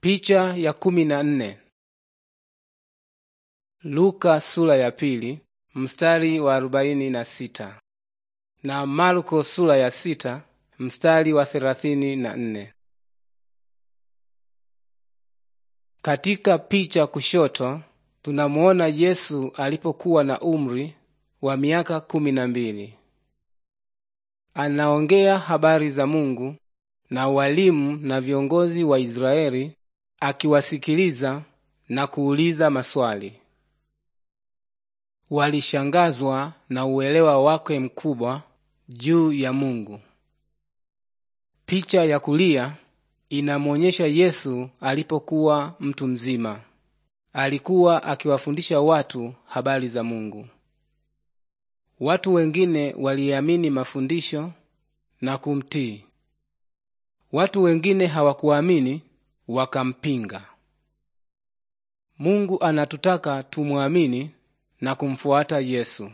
Picha ya kumi na nne. Luka sura ya pili mstari wa arobaini na sita na Marko sura ya sita mstari wa thelathini na nne. Katika picha kushoto tunamuona Yesu alipokuwa na umri wa miaka kumi na mbili. Anaongea habari za Mungu na walimu na viongozi wa Israeli akiwasikiliza na kuuliza maswali. Walishangazwa na uelewa wake mkubwa juu ya Mungu. Picha ya kulia inamwonyesha Yesu alipokuwa mtu mzima. Alikuwa akiwafundisha watu habari za Mungu. Watu wengine waliamini mafundisho na kumtii. Watu wengine hawakuamini wakampinga. Mungu anatutaka tumwamini na kumfuata Yesu.